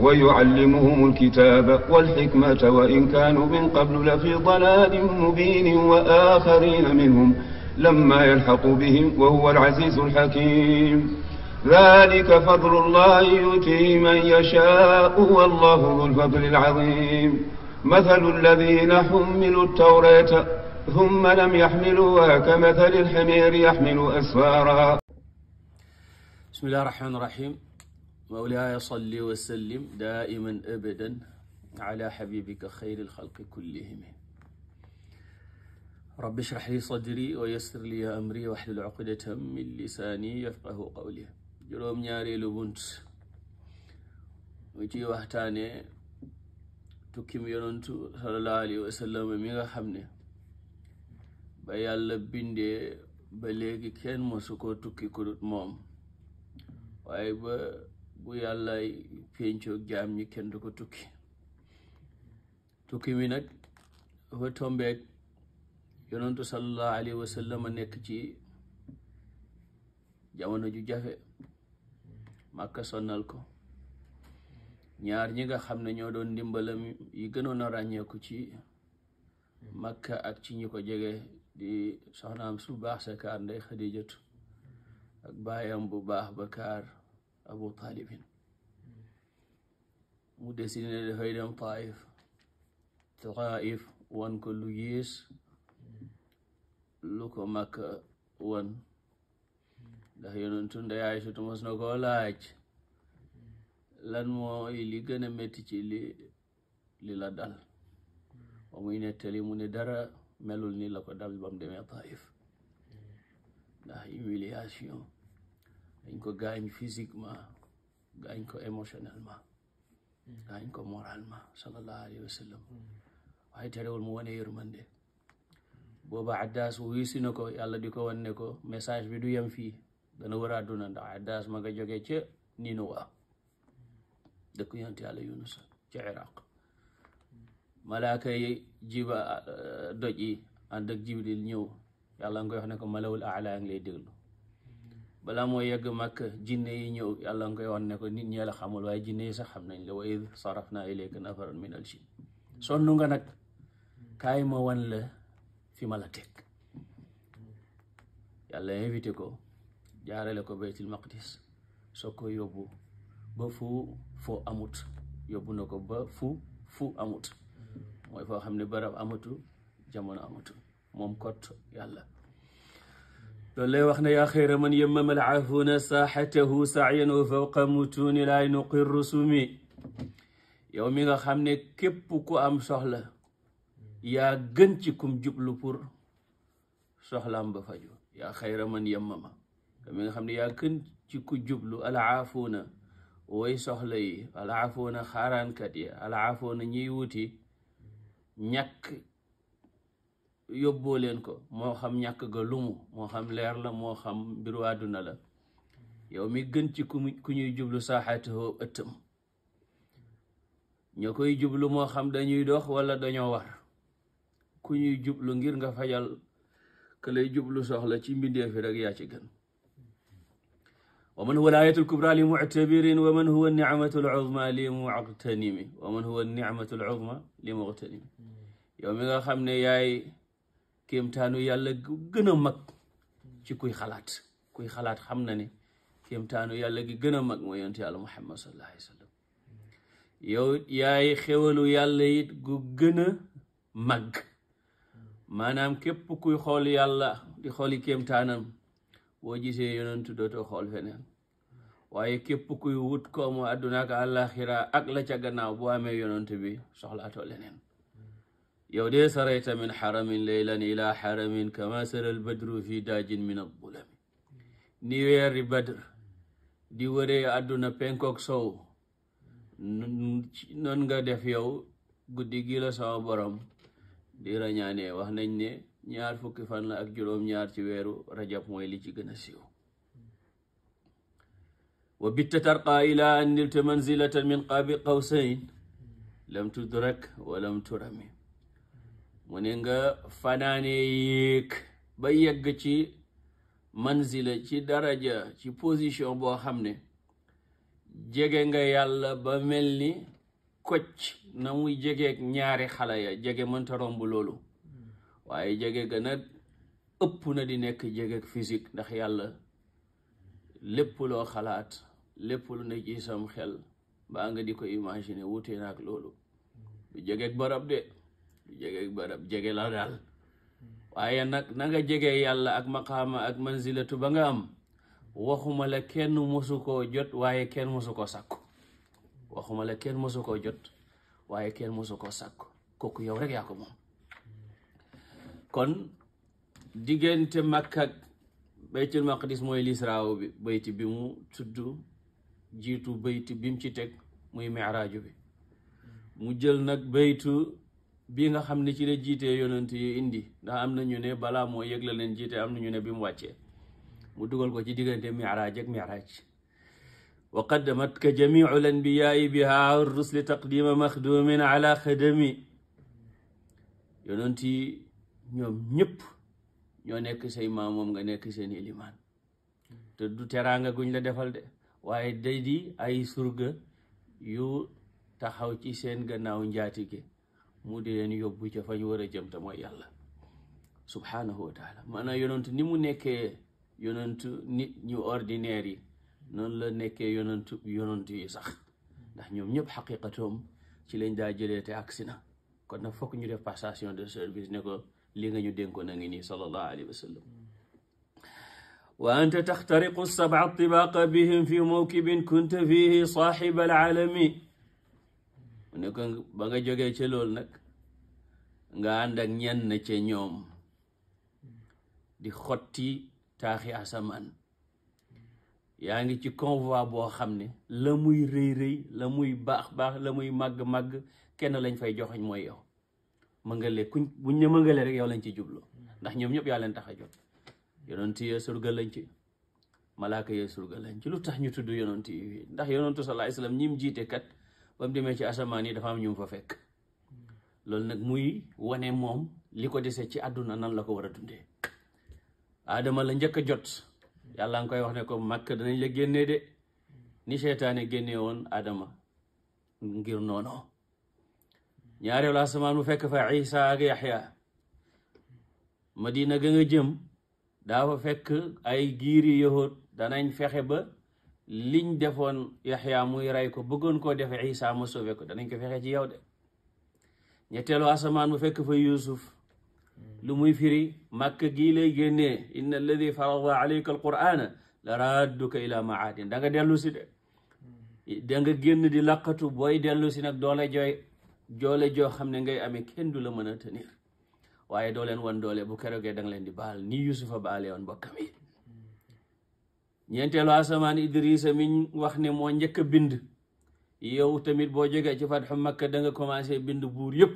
ويعلمهم الكتاب والحكمة وإن كانوا من قبل لفي ضلال مبين وآخرين منهم لما يلحق بهم وهو العزيز الحكيم ذلك فضل الله يؤتيه من يشاء والله ذو الفضل العظيم مثل الذين حملوا التوراة ثم لم يحملوها كمثل الحمير يحمل أسفارا بسم الله الرحمن الرحيم مولاي صل وسلم دائما أبدا على حبيبك خير الخلق كلهم رب اشرح لي صدري ويسر لي أمري واحلل عقدة من لساني يفقه قولي juróom ñaareelu bunt mu ciy waxtaane tukkim yonantu sallallahu alayhi wa sallam mi nga xam ne ba yàlla bindee ba léegi kenn mosu koo tukki kudut moom bu yàlla péncoo jaam ñi kenn du ko tukki tukki mi nag dafa tombeek yonentu sallallahu alayhi wa a nekk ci jamono ju jafe màkka sonnal ko ñaar ñi nga xam ne ñoo doon ndimbalam yi gënoon a ràññeeku ci màkka ak ci ñi ko jege di soxnaam su baax sa kaar ndey xadijatu ak baayam bu baax ba kaar Abu Taalibin mu décidé ne dafay dem Taif Taif wan ko lu yées lu ko Makka wan ndax yonentu Ndey Aysatu mos na koo laaj lan mooy li gën a métti ci li li la dal ba muy nettali mu ne dara melul ni la ko dal ba mu demee Taif ndax humiliation dañ ko gaañ physiquement gaañ ko émotionnellement gaañ ko moralement sallallahu alayhi wa sallam waaye terewul mu wane yërmande booba addaas wiisi na di ko wan ko message bi du yem fii dana war a àdduna ndax addaas ma nga jógee ca Ninuwa dëkk yonent yàlla Yunus Iraq malaaka jiba doj yi ànd ak Jibril ñëw yàlla nga wax ne ko malawul aala ngi lay déglu balaa mooy yegg mag jinne yi ñëw yàlla nga koy ko nit ñee la xamul waaye jinne yi sax xam nañ la wa id sarafna ilayka nafaran min al jinn sonn nga nag kaay ma wan la fi ma la teg yàlla invité ko jaarale ko baytul maqdis soo ko yóbbu ba fu foo amut yóbbu na ko ba fu fu amut mooy foo xam ne barab amatu jamono amatu moom kot yàlla loolu lay wax ne yaa xayra man yemmama alcaafuuna saaxatahu saayan wa fawqa mutuuni laay nuqir rusumi yow mi nga xam ne képp ku am soxla yaa gën ci kum jublu pour soxlaam ba faju yaa xayra man yemmama yow mi nga xam ne yaa gën ci ku jublu alcaafuuna woy soxla yi alcaafuuna xaaraankat yi alcaafuuna ñiy wuti ñàkk yóbboo leen ko moo xam ñàkk ga lumu moo xam leer la moo xam mbiru àdduna la yow mi gën ci ku ñuy jublu saaxaatihoo ëttam ña koy jublu moo xam dañuy dox wala dañoo war ku ñuy jublu ngir nga fajal ka jublu soxla ci mbindeefi rek yaa ci gën huwa alayatu lkubra li muctabirin wa huwa nicmatu lcuzma li muctanimi wa man huwa ne yaay kéemtaanu yàlla gu gën mag ci kuy xalaat kuy xalaat xam na ni kéemtaanu yàlla gi gën a mag mooy yonent yàlla muhammad sallallahu alayhi wa sallam yow yaay xewalu yàlla gu gën a mag maanaam képp kuy xool yàlla di xooli kéemtaanam boo gisee yonentu dootoo xool feneen waaye képp kuy wut koomu àdduna ak àllaaxira ak la ca gannaaw boo amee bi soxlaatoo leneen yow dee sarayta min xaramin leylan ila xaramin kama saral badru fi daajin min albulami ni weeri badr di wëree àdduna penkook sow noon nga def yow guddi gi la sama borom di rañaanee wax nañ ne ñaar fukki fan la ak juróom-ñaar ci rajab mooy li ci gën a siiw wa bitta tarqaa ila an nilta manzilatan min qaabi qawsayn lam tudrak wa lam turami mu ne nga fanaane yéeg ba yegg ci manzila ci daraja ci position boo xam ne jege nga yàlla ba mel ni kocc na muy jegeeg ñaari xale ya jege mënta romb loolu waaye jege ga nag ëpp na di nekk jegeeg physique ndax yàlla lépp loo xalaat lépp lu ne ci sam xel baa nga di ko imaginer wute loolu du barab de jege barab jege la daal waaye nag na jege yàlla ak maqaama ak manzilatu ba nga am waxuma la kenn mosu koo jot waaye kenn mosu koo sàkku waxuma la kenn mosu koo jot waaye kenn mosu koo sàkku kooku yow rek yaa ko moom kon diggante Makka ak baytul maqdis mooy lisraaw bi bayti bi mu tudd jiitu bayti bim ci teg muy miraaju bi mu jël nag baytu bii nga xam ni ci la jiitee yonent indi ndax am na ñu ne bala moo yëg la leen jiite am na ñu ne bi mu wàccee mu dugal ko ci diggante miraaj ak miraaj wa qaddamat ka jamiu l anbiyaai biha rusli taqdima maxdumin ala xadami yonent yi ñoom ñëpp ñoo nekk sey maam moom nga nekk seen ilimaan te du teraanga guñ la defal de waaye day ay surga yu taxaw ci seen gannaaw njaatige mu di leen yóbbu ca fañ war a jëm te mooy yàlla subhaanahu wa taala maanaam ni mu nekke yonent nit ñu ordinaire yi noonu la nekkee yonent yonent yi sax ndax ñoom ñëpp xaqiqatoom ci lañ daa jëlee te agsi na kon nag fokk ñu def de service ne ko li ñu dénkoon a ngi nii sallallahu alayhi anta taxtariqu sab'a tibaqa bihim fi mawkibin kunta fihi saaxiba alalami mu ba nga jógee ci loolu nag nga ànd ak ñenn ca ñoom di xotti taaxi asamaan yaa ngi ci convoi boo xam ne la muy rëy-rëy la muy baax-baax la muy màgg-màgg kenn lañ fay joxeñ mooy yow mëngale kuñ buñ ne rek yow lañ ci jublu ndax ñoom ñëpp yaa leen tax a jot yonent yee surga lañ ci malaaka yee surga lañ ci lu tax ñu tudd yonent ndax yonentu sallallahu alayhi ñim jiite kat ba mu demee ci asamaan yi dafa am ñu fa fekk loolu nag muy wane moom li ko dese ci àdduna nan la ko war a dundee aadama la njëkk a jot yàlla koy wax ne ko màkk danañ la génnee de ni seytaane génne woon adama ngir noonu ñaareelu asamaan mu fekk fa isa ak yaxya madina ga nga jëm daa fa fekk ay giiri yahood danañ fexe ba liñ defoon yaxya muy rey ko bëggoon koo defe isa ma sauvé ko danañ ko fexe ci yow de ñetteelu asamaan mu fekk fa yusuf lu muy firi màkk gii lay génnee inna alladi farada alayka alqur'ana la radduka ila maadin da nga dellu si de da nga génn di laqatu booy dellu si nag doole jooy joole joo xam ne ngay amee kenn du la mën a tenir waaye doo leen wan doole bu keroogee da nga leen di baal nii yusufa baale woon bokkam ñeenteelu asamaan Idrisa mi wax ne moo njëkk a bind yow tamit boo jógee ci fatxu Makka da nga commencé bind buur yëpp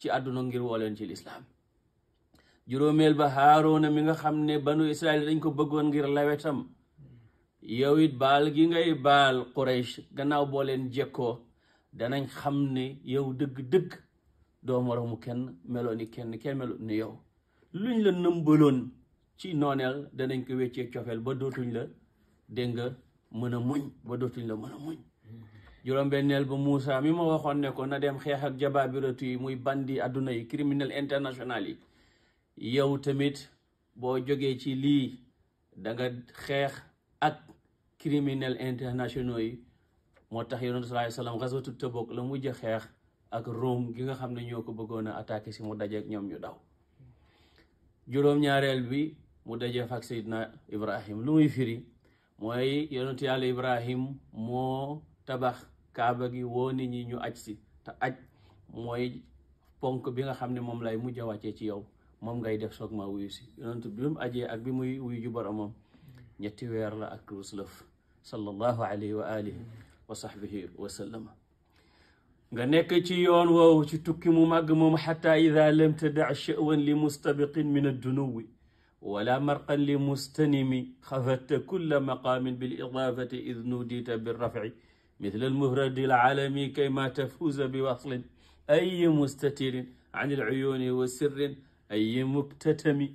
ci àdduna ngir woo leen ci lislaam juróomeel ba Haaruna mi nga xam ne banu Israel dañ ko bëggoon ngir lawetam yow it baal gi ngay baal Quraysh gannaaw boo leen jekkoo danañ xam ni yow dëgg-dëgg doo moroomu kenn meloo ni kenn kenn melut ni yow luñ la nëmbaloon ci nooneel danañ ko weccee cofeel ba dootuñ la dégg nga mën a muñ ba dootuñ la mën a muñ juróom-benneel ba Moussa mi ma waxoon ne ko na dem xeex ak jabaabiratu yi muy bandi adduna yi criminel international yi yow tamit boo jogee ci lii danga xeex ak criminel internationaux yi moo tax yonent sallallahu alayhi wasallam ghazwatu Tabuk la mujj xeex ak Rome ki nga xam ne ñoo ko bëggoon a attaqué si mu dajeek ñoom ñu daw juróom-ñaareel bi mu dajee ak Seydina Ibrahim lu muy firi mooy yonentu yàlla Ibrahim moo tabax kaaba gi woo nit ñi ñu aj si te aj mooy ponk bi nga xam ne moom lay mujj a ci yow moom ngay def soog ma wuyu si yonentu bi mu ak bi muy wuyu ju boromam ñetti weer la ak ruslëf sallallahu alayhi wa alihi wa sahbihi nga nekk ci yoon woowu ci tukki mu màgg moom xata ida lam tadac sha'wan li mustabiqin min addunuwi wala marqan li mustanimi xafatta kulla maqaamin bil idaafati id nudiita bi rafi misla almuhradi alaalami kay ma tafuuza bi waslin ay mustatirin an il uyuuni wa sirrin ay muktatami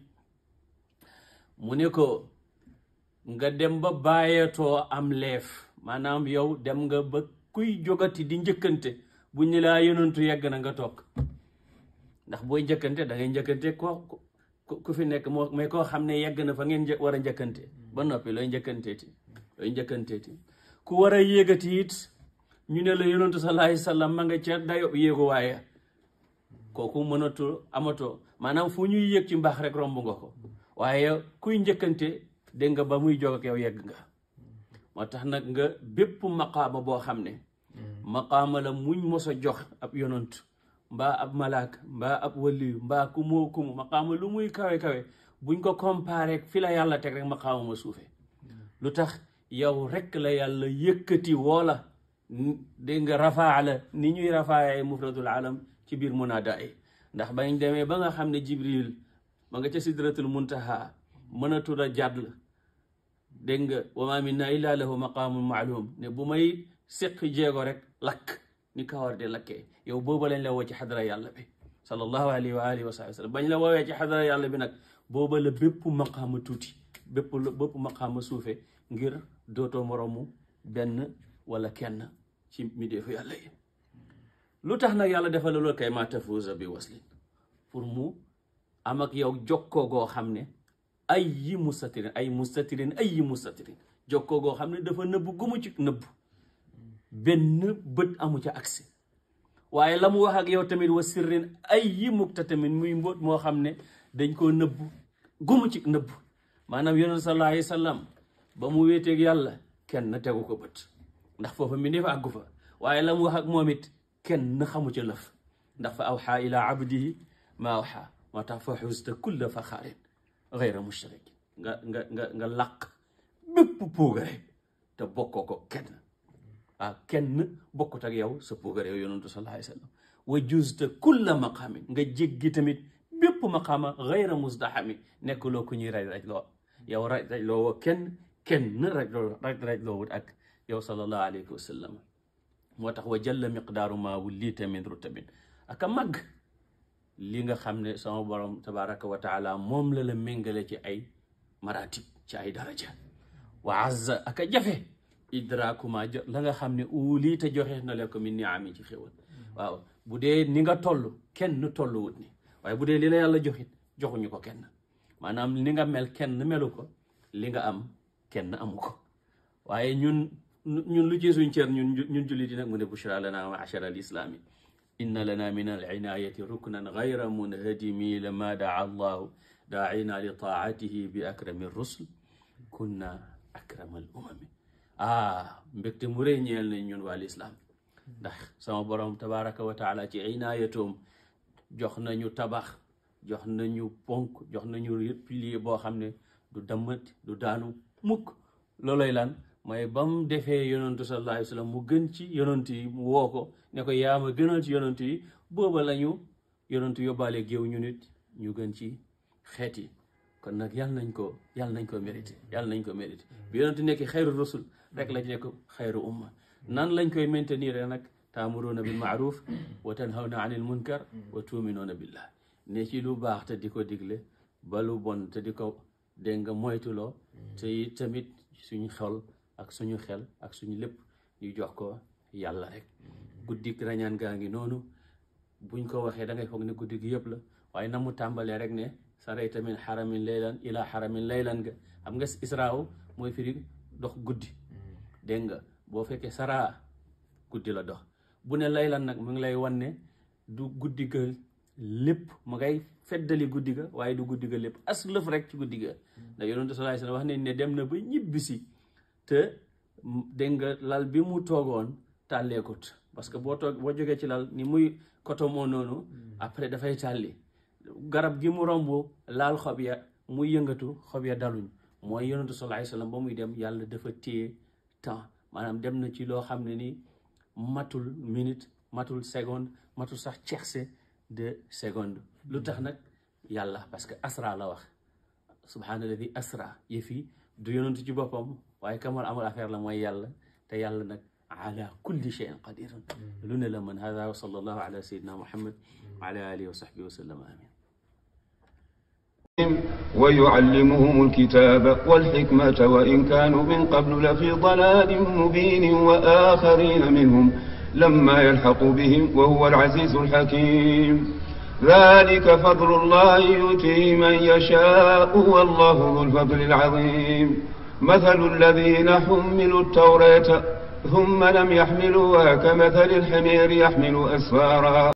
mu ne ko nga dem ba bàyyatoo am leef maanaam yow dem nga ba kuy jógati di njëkkante bu ñu laa yonantu yegg na nga toog ndax booy njëkkante da ngay njëkkante ko ku fi nekk moo mais koo xam ne yegg na fa ngeen war a njëkkante ba noppi looy njëkkanteeti looy njëkkanteeti ku war a yéegati it ñu ne la yonantu sallallahu alayhi ma nga ca dayo yéegu waaye kooku mënatu amatoo maanaam fu ñuy yéeg ci mbaax rek romb nga ko waaye kuy njëkkante dégg nga ba muy jóg ak yegg nga moo tax nag nga bépp maqaama boo xam ne mm. maqaama la muñ mos a jox ab yonantu mbaa ab malaak mbaa ab waliyu mbaa ku moo kumu lu muy kawe-kawe buñ ko comparé ak yàlla teg rek maqaama ma suufe mm. lu tax yow rek la yàlla yëkkati woola dégg nga rafaa la ni ñuy rafaaye mufradul alam ci biir munaada yi ndax bañ demee ba nga xam ne jibril ma nga ca sidratul muntaha mënatul a jàdd la dégg nga wa maa minna illaa lahu maqaamun maalum ne bu may séq jéego rek lakk ni kawar di lakkee yow booba lañ la woo ci xadara yàlla bi sallallahu alayhi wa alihi wa sallam bañ la woowee ci xadara yàlla bi nag booba la bépp maqaama tuuti bépp bépp maqaama suufe ngir dootoo moroomu benn wala kenn ci mideefu yàlla yi lu tax nag yàlla defal loolu kay ma tafuuza bi waslin pour mu am ak yow jokkoo goo xam ne ay yi mustatirin ay mustatirin ay yi mustatirin jokkoo goo xam ne dafa nëbb gumu ci nëbb benn bët amu ca accès waaye la mu wax ak yow tamit wa sirrin ay yi mukta tamit muy mbóot moo xam ne dañ koo nëbb gumu ci nëbb maanaam yonent sallallahu alayhi wasallam ba mu wéeteeg yàlla kenn tegu ko bët ndax foofa mi ne fa àggu waaye la mu wax ak moom it kenn xamu ca lëf ndax fa xaa ila abdihi ma awxaa moo tax fa xusta kulla faxaarin gayra mushrik nga nga nga nga làq bépp puugare te bokkoo ko kenn ah kenn bokkut ak yow sa puugar yow yonantu sallallahu alayhi wa sallam wa juzta kulla maqaamin nga jéggi tamit bépp maqaama gayra musdahami nekk loo ku ñuy raj raj loo yow raj kenn kenn raj loo raj raj wut ak yow sallallahu alayhi wa sallam moo tax wa jalla miqdaaru ma wullita min rutabin aka màgg nga xam ne sama borom tabaraka moom la la méngale ci ay maratib ci ay daraja wa azza aka jafe idraakuma la nga xam ne uulii te joxe na la ko min niami ci xéwal waaw bu dee ni nga toll kenn tolluwut ni waaye bu dee li la yàlla joxit joxuñu ko kenn maanaam ni nga mel kenn melu ko li nga am kenn amu ko waaye ñun ñun lu ci suñ cër ñun ñun jullit yi nag mu ne bushra lana ma'shara al-islami inna lana min al-inayati ruknan ghayra munhadimi lama daa allahu daa'ina li taa'atihi bi akrami rusul kunna akrama al-umami ah mbégte mu rëy ñeel nañ ñun waa lislaam ndax sama borom tabaraka wa taala ci ay naayatoom jox nañu tabax jox nañu ponk jox nañu pilier boo xam ne du dammat du daanu mukk looloy lan mooy ba defee yonantu sallallahu alayhi mu gën ci yonant yi mu woo ko ne ko yaa ma gënal ci yonant yi booba lañu yonantu yóbbaale géew ñu nit ñu gën ci xeet yi kon nag yàlla nañ ko yàlla nañ ko mérité yàlla nañ ko mérité bi yonent nekk xayru rasul rek la ko xayru umma nan lañ koy maintenir nag taamuruuna bil maaruf wa tanhawna anil munkar wa tuuminuuna billah ne ci lu baax te di ko digle ba lu bon te di ko dégg nga moytuloo te it tamit suñu xol ak suñu xel ak suñu lépp ñu jox ko yàlla rek guddik rañaan gaa ngi noonu buñ ko waxee da ngay foog ne guddi gi yëpp la waaye na mu tàmbalee rek ne sarayta min xaramin laylan ila xaramin laylan nga am nga israaw mooy firi dox guddi dégg nga boo fekkee sara guddi la dox bu ne laylan nag mu ngi lay wan ne du guddi ga lépp ma ngay feddali guddi ga waaye du guddi ga lépp as lëf rek ci guddi ga ndax yonent sallallahu alayhi wax nañ ne dem na ba ñibbisi te dégg nga lal bi mu toogoon tàlleekut parce que boo toog boo jógee ci lal ni muy koto moo noonu mm. après dafay tàlli garab gi mu romb laal xob ya muy yëngatu xob ya daluñ mooy yonentu sallallahu alayhi wasallam ba muy dem yàlla dafa téye temps maanaam dem na ci loo xam ne ni matul minute matul seconde matul sax tiercé de seconde lu tax nag yàlla parce que asra la wax subhaanalladi asra yëfi du yonentu ci boppam waaye kamal amul affaire la mooy yàlla te yàlla nag ala kulli shay'in qadirun mm. lu ne la mën hada wa sallallahu ala sayyidina muhammad وعلى آله وصحبه وسلم آمين ويعلمهم الكتاب والحكمة وإن كانوا من قبل لفي ضلال مبين وآخرين منهم لما يلحق بهم وهو العزيز الحكيم ذلك فضل الله يؤتيه من يشاء والله ذو الفضل العظيم مثل الذين حملوا التوراة ثم لم يحملوها كمثل الحمير يحمل أسفارا